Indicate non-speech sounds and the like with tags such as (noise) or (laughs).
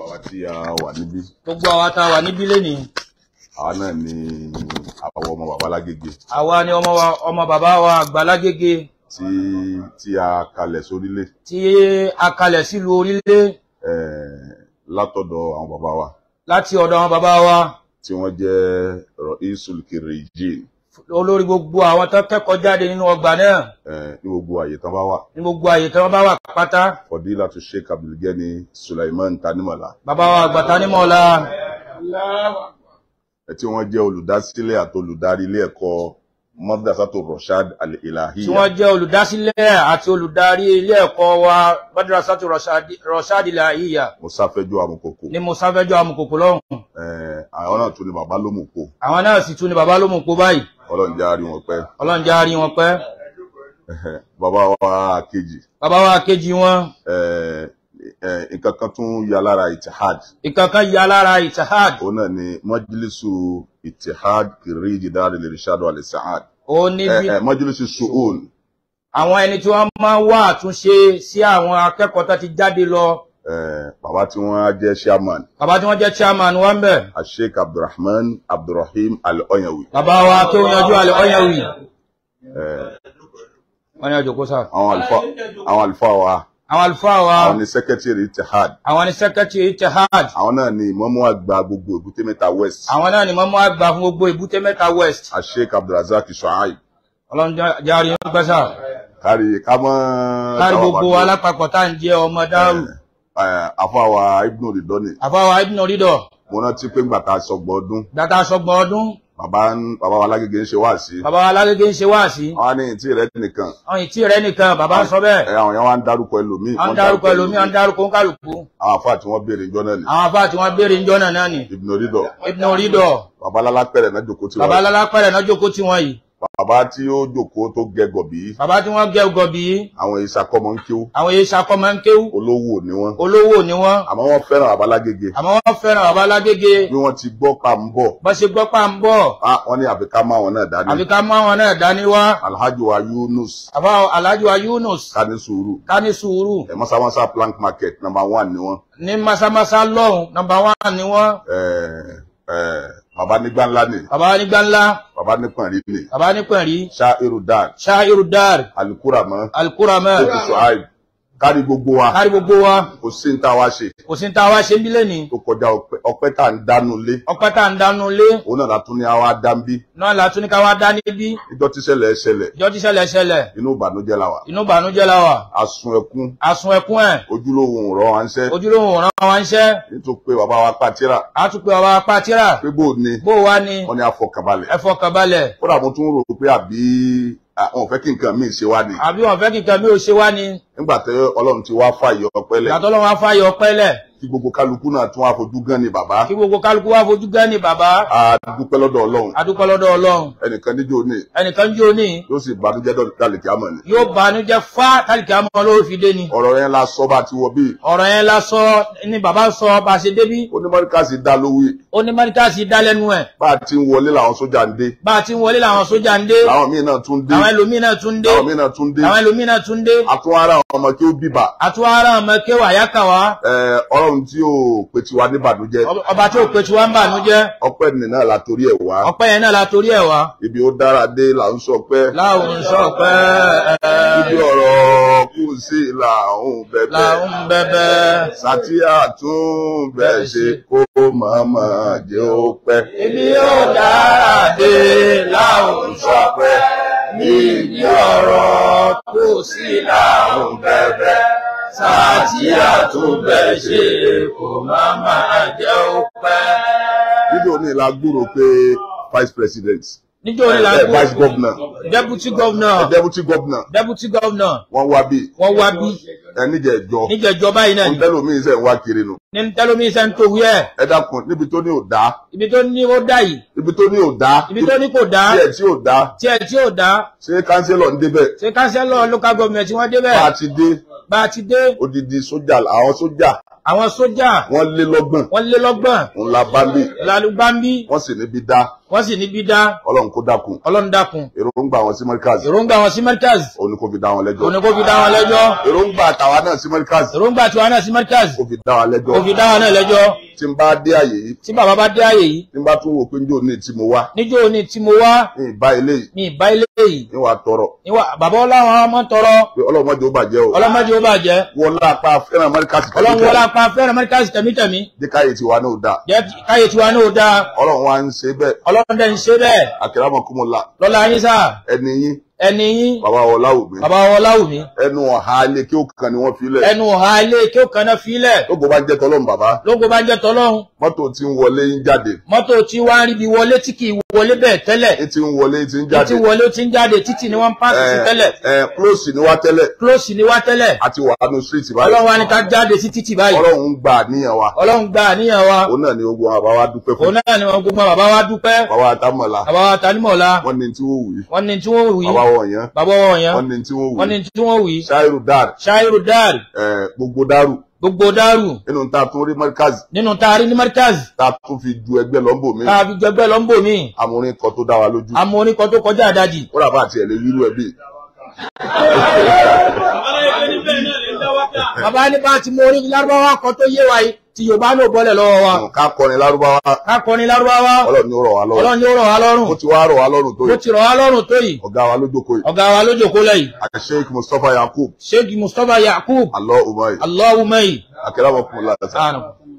gbogbo àwa tí a wà níbí. gbogbo àwa tá a wà níbí lénìí. àwa náà ni àwọn ọmọ bàbá lágége. àwa ni ọmọ ọmọ bàbá wa àgbà lágége. tí tí a kalẹ̀ sórílẹ̀. tí a kalẹ̀ sílùú orílẹ̀. ẹẹ látọ̀dọ̀ àwọn bàbá wa. láti ọ̀dọ̀ àwọn bàbá wa. tí wọ́n jẹ́ rọ̀ jane olórí gbogbo àwọn tán kẹ́kọ̀ọ́ jáde nínú ọgbà náà. ní gbogbo àyè tán bá wà. ní gbogbo àyè tán bá wà pátá. fọdílà tó Sheikh Abdulgani Sulaiman Tanimola. bàbá wa àgbà Tanimola. ẹ tí wọ́n jẹ́ olùdásílẹ̀ àti olùdarí ilé ẹ̀kọ́ madrasato Roshad al-Ilahiyya. tí wọ́n jẹ́ olùdásílẹ̀ àti olùdarí ilé ẹ̀kọ́ wa madrasato Roshad al-Ilahiyya. Musafejo Amukoko. ní Musafejo Amukoko lọ́hùn. àwọn náà tún ni bàbá lómùpó. àwọn náà sì tún ni bàbá báyìí. Ọlọ́run já rí wọn pẹ́. Ọlọ́run já rí wọn pẹ́. (laughs) Bàbá wa kejì. Bàbá wa kejì wọn. Nǹkan tún ya lára Itihad. Nǹkan kan ya lára Itihad. Òun náà ni Mọ́jílísù Itihad Kìrìjì Dáre lè Rishadu Ali Sa'ad. Ó ní bí. Mọ́jílísù Su'ul. Àwọn ẹni tí wọ́n máa ń wá àtúnṣe sí àwọn akẹ́kọ̀ọ́ tó ti jáde lọ bàbá tí wọ́n jẹ́ chairman. bàbá tí wọ́n jẹ́ chairman wọ́n bẹ̀. asheik abdulrahman abdulrahim al-onyawi. bàbá wa tó yanjú al-onyawi. wọ́n ní ọjọ́ kó sá. àwọn àlùfáà wa àwọn àlùfáà wa. àwọn ni sẹkẹtìrì itihad. àwọn ni sẹkẹtìrì itihad. àwọn náà ni ìmọ̀mú àgbà gbogbo èbúté mẹ́ta west. àwọn náà ni ìmọ̀mú àgbà fún gbogbo èbúté mẹ́ta west. àṣeyík abdulrasaq shuaib. ọlọ́run járe ń gbẹ́sà. kárí ká mọ́. kárí gbogbo alápapọ̀ tá à ń jẹ́ ọmọ dárù àfàwà ibnu ridọ ni. àfàwà ibnu ridọ. mo rántí pé ńgbà tá a sọgbọ ọdún. ńgbà tá a sọgbọ ọdún. bàbá bàbá wa alágége ń ṣe wáàsí. bàbá wa alágége ń ṣe wáàsí. àwọn ní ìtì rẹ nìkan. àwọn ìtì rẹ nìkan bàbá ń sọ bẹ́ẹ̀. ẹ àwọn yẹn wá ń darúkọ ẹlòmíì. wọ́n ń darúkọ ẹlòmíì wọ́n ń darúkọ ńkàlùkù. àwọn àfáà tí wọ́n béèrè ńjọ́ náà ni. àwọn àfáà tí wọ́n béèrè ńjọ́ náà ni. ibnu ridọ. ibnu ridọ. bàbá alálápẹ̀rẹ̀ náà bàbá tí ó jòkó tó gẹ gọbí. bàbá tí wọ́n gẹ gọbí. àwọn ìṣàkọmọ ń kéwú. àwọn ìṣàkọmọ ń kéwú. olówó ni wọ́n. olówó ni wọ́n. àmọ́ wọ́n fẹ́ràn bàbá lágége. àmọ́ wọ́n fẹ́ràn bàbá lágége. bí wọ́n ti gbọ́ pa ń bọ̀. bọ́n ṣe gbọ́ pa ń bọ̀. a ah, wọ́n ní àbíká mọ́ àwọn náà dání. àbíká mọ́ àwọn náà dání wá. alhaji wa yunus. àbá alhaji wa yunus. kani sùúrù. kani sùúrù. ẹ mọ́sámọ́sá plank market number one ni wọ́n. ní mọ́sámọ́sá lọ́hùn number one ni wọ́n. ẹ eh, ẹ eh bàbá nígbà ńlá ni. bàbá nígbà ńlá. bàbá nípọn rí ni. bàbá nípọn rí. ṣá irú dáàr. ṣá irú dáàr. alukura mọ. alukura mọ. kókò sọ àìb kárí gbogbo wa kárí gbogbo wa kò sí ní ta wa ṣe kò sí ní ta wa ṣe ń bí lẹ́ni. tó kọjá ọpẹ́ tá à ń dánú lé. ọpẹ́ tá à ń dánú lé. òun náà látún ní àwa dá bí. náà látún ní ká wa dá níbí. ìjọ tí ṣẹlẹ̀ ṣẹlẹ̀. ìjọ tí ṣẹlẹ̀ ṣẹlẹ̀. inú ìbànújẹ́ la wà. inú ìbànújẹ́ la wà. àsun ẹkún. àsun ẹkún ẹ. ojúlówó rán wa ń ṣẹ́. ojúlówó rán wa ń ṣẹ́. nítorí pé bàbá wa pàtírà. a tún pé bàbá wa pàtírà. pé bó ni. bó wa ni. wọ́n ní àfọkànbalẹ̀. àfọkànbalẹ̀. kódà mo tún rò Ah, wọn fẹ́ kí nǹkan míì ṣe wá ni. àbí wọn fẹ́ kí nǹkan míì ò ṣe wá ni. nígbà tí ọlọ́run ti wá fàyè ọpẹ́lẹ̀. ìgbà tí ọlọ́run wá fàyè ọpẹ́lẹ̀ kí gbogbo kálukú náà tún wá fojú gan ni bàbá. kí gbogbo kálukú wá fojú gan ni bàbá. a dúpẹ́ lọ́dọ̀ ọlọ́run. a dúpẹ́ lọ́dọ̀ ọlọ́run. ẹnìkan níjó ní. ẹnìkan níjó ní. yóò sì banújẹ́ dálìkì àmọ́ ni. yóò banújẹ́ fá dálìkì àmọ́ lórí fi dé ni. ọ̀rọ̀ yẹn la sọ bá a ti wọ bí. ọ̀rọ̀ yẹn la sọ ni bàbá sọ bá a ṣe débí. onímọ̀ríkàsì dá lówí. onímọ̀ríkàsì dá lẹ́nu ẹ̀. bá a ti ń wọlé làwọn sójà ń dé. bá a ti ń wọlé làwọn sójà ń dé. làwọn míì náà tún dé. àwọn ẹlòmíì náà tún dé. àwọn míì náà tún dé. àwọn ẹlòmíì náà tún dé. àtúwárà ọmọ kí ó bíbà. àtúwárà ọmọ kí ó wàyákà wá. ẹ ọ̀rọ̀ ọlọ́run tí ò pe tiwa ní bànújẹ́. ọba tí ò pe tiwa ń bànújẹ́. ọpẹ́ ni náà la torí ẹ̀ wá. ọpẹ́ yẹn náà la torí ẹ̀ wá. ibi ó dára dé là ń sọpẹ́. láwọn ń sọpẹ́. ibi ọ̀rọ̀ kù sí làwọn bẹ̀bẹ̀. làwọn bẹ̀bẹ̀. sátìyà tún bẹ̀ ṣe kó màmá jẹ́ ó pẹ́. ibi ó dára dé láwọn ń sọpẹ́. níbi ọ̀rọ̀ kù sí làwọn bẹ̀bẹ̀ sàtìyà tó bẹ̀ ṣe kò má máa jẹ́ ó pẹ́. níjọ́ ní la gbúrò pé vice president níjọ́ orí la eh, gbọ́ vice governor deputy governor eh, deputy governor deputy governor wọ́n wá bí wọ́n wá bí ẹ eh, níjẹ̀jọ́ níjẹ̀jọ́ báyìí náà ni ntẹ́lómi iṣẹ́ ń wá kiri nù. ní ntẹ́lómi iṣẹ́ ń towí ẹ̀. ẹ dákun níbi tó ní ò dá. ibi tó ní ó dá yìí. ibi tó ní ò dá. ibi tó ní kò dá. tiẹ̀ tí ò dá. tiẹ̀ tí ò dá. ṣé kánsẹ́lọ̀ ń débẹ̀. ṣé kánsẹ́lọ̀ local government wọ́n débẹ̀. bá a ti dé bá a ti dé. odidi sójà àwọn sójà àwọn sójà. wọ́n lé lọ́gbọ̀n. wọ́n lé lọ́gbọ̀n. ńlá bambi. lalu bambi. wọ́n sì níbi dá. wọ́n sì níbi dá. ọlọ́run kó dákun. ọlọ́run dákun. èròǹgbà wọn sí mẹ́ríkàsì. èròǹgbà wọn sí mẹ́ríkàsì. òní kò fi dá wọn lẹ́jọ́. òní kò fi dá wọn lẹ́jọ́. èròǹgbà tàwa náà sí mẹ́ríkàsì. èròǹgbà tàwa náà sí mẹ́ríkàsì. kò fi dá wọn lẹ́jọ́. kò fi dá wọn náà lẹ́jọ́. tí n bá dé àyè yìí. tí bàbá bá dé àyè yìí. n bá tún wò pé njó ní tí mo wá. níjó ní tí mo wá. ní ìbá eléyìí. ní ìbá eléyìí. ní wàá tọrọ. ní wàá bàbá ọlọ́run ọmọ tọrọ. ọlọ́mọdé ó bàjẹ́ o. ọlọ́mọdé ó bàjẹ́. wọlá apá fẹ́ràn mẹ́ríkàsì. ọlọ́run wọlá pa fẹ́ràn mẹ́ríkàsì tẹ̀mítẹ̀mí. jẹ́ káyé tiwa náà dáa. jẹ́ káyé tiwa náà dáa. ọlọ́run wa ń ṣe bẹ́ẹ̀. ọlọ́run dẹ̀ ń ṣe bẹ́ẹ̀. àkìrámọ̀kúmọ̀lá. lọ́la yín sá. ẹni yín ẹni yín. bàbá wọn láwùmí. bàbá wọn láwùmí. ẹnu ọ̀há ilé kí ó kan ni wọ́n fi lẹ̀. ẹnu ọ̀há kí ó kan náà fi lẹ̀. lógo bá ń jẹ́ tọ́lọ́hún bàbá. lógo bá ń jẹ́ tọ́lọ́hún. mọ́tò tí ń wọlé wọlé bẹ́ẹ̀ tẹ́lẹ̀. etí ń wọlé etí ń jáde. etí wọlé etí ń jáde títì ni wọ́n ń pàṣẹ sí tẹ́lẹ̀. ẹ eh, ẹ close ni wá tẹ́lẹ̀. close ni wá tẹ́lẹ̀. a ti wà nù street báyìí. ọlọ́run wa ni ká jáde sí títì báyìí. ọlọ́run ń gba àníyàn wa. ọlọ́run gba àníyàn wa. òun náà ni ogun bàbá wa dúpẹ́ fún. òun náà ni ogun bàbá wa dúpẹ́. bàbá wa tamọ̀la. bàbá wa tanimọ̀la. wọ́n ní tí wọ́n wí. wọ́n ní tí wọ́n wí. bàbá wọn yẹn. bàbá wọn gbogbo dárù. nínú ta tún rí mọ́ríkàzì. nínú ta rí ní mọ́ríkàzì. ta tún fi ju ẹgbẹ́ lọ́nbò mi. ta fi ju ẹgbẹ́ lọ́nbò mi. amúrin kan tó dá wa lójú. amúrin kan tó kọjá àdájì. ó rà bá tiẹ̀ lè rírú ẹ bí. bàbá ní bá ti mú orí lárúbáwá kan tó yé wa yìí tí Yorùbá náà bọ́lẹ̀ lọ́wọ́ wa. Hmm, ká kọrin lárúbáwá. ká kọrin lárúbáwá. Ọlọ́run ni rọ̀ wá lọ́rùn. Ọlọ́run ni rọ̀ wá lọ́rùn. ó ti wá rọ̀ wá lọ́rùn tó yìí. ó ti rọ̀ wá lọ́rùn tó yìí. ọ̀gá wa lójókòó yìí. ọ̀gá wa lójókòó lẹ́yìn. Sheikh Mustapha Yakub. Sheikh Mustapha Yakub. Allahumma. Allahumma. akẹ́rẹ́ àwọn kùnmọ̀ láti.